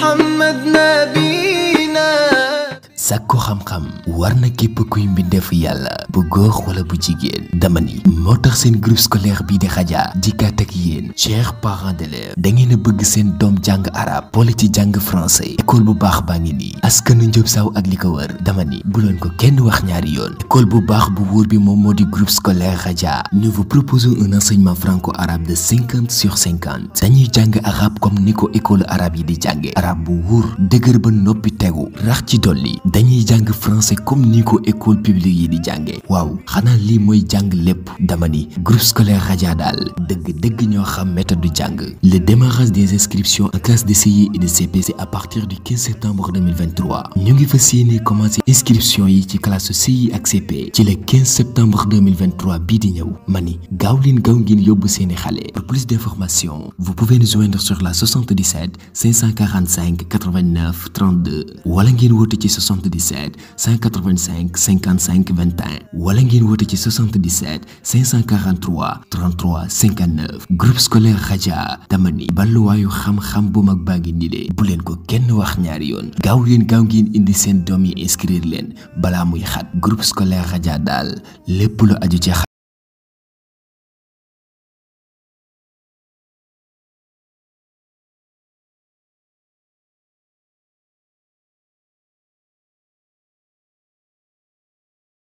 محمد sàkku xam-xam warna na képp kuy mbindeefu yalla bu gox wala bu jigen dama ni motax sen groupe scolaire bi di xaja dikkaat ak yéen chers parents d'élèves da ngay a bëgg sen dom jang arab poli ci jang français école bu bax ba ngi ni askan njóob saw ak liko wër dama ni bu len ko kenn wax ñaari yoon école bu bax bu wër bi moom modi di groupe scolaire xaja ñu vous proposons un enseignement franco-arabe de 50 sur 50 dañuy jang Arab comme Niko école arabe yi di jangé arab bu wër dëgër ba nopi rax ci dañuy jàng français comme ni ko école publique yi di jàngee waaw xanaa lii mooy jàng lépp dama ni groupe scolaire Radia daal dëgg-dëgg ñoo xam méthode du jàng le démarrage des inscriptions en classe de CI et de CP c'est à partir du 15 septembre 2023 ñu ngi fa l'inscription commencé inscription yi ci classe CI ak CP ci le 15 septembre 2023 bii di ñëw mani gaaw leen gaaw ngeen yóbbu pour plus d'informations vous pouvez nous joindre sur la 77 545 89 32 wala ngeen woote ci 60 77 185 55 21 wala ngeen woote ci 77 543 33 59 groupe scolaire Raja tamani balluwaayu xam-xam bu mag baa ngi nii bu leen ko kenn wax ñaari yoon gaaw leen gaaw ngeen indi seen doom yi inscrire leen balaa muy xat groupe scolaire Raja daal lépp lu aju ci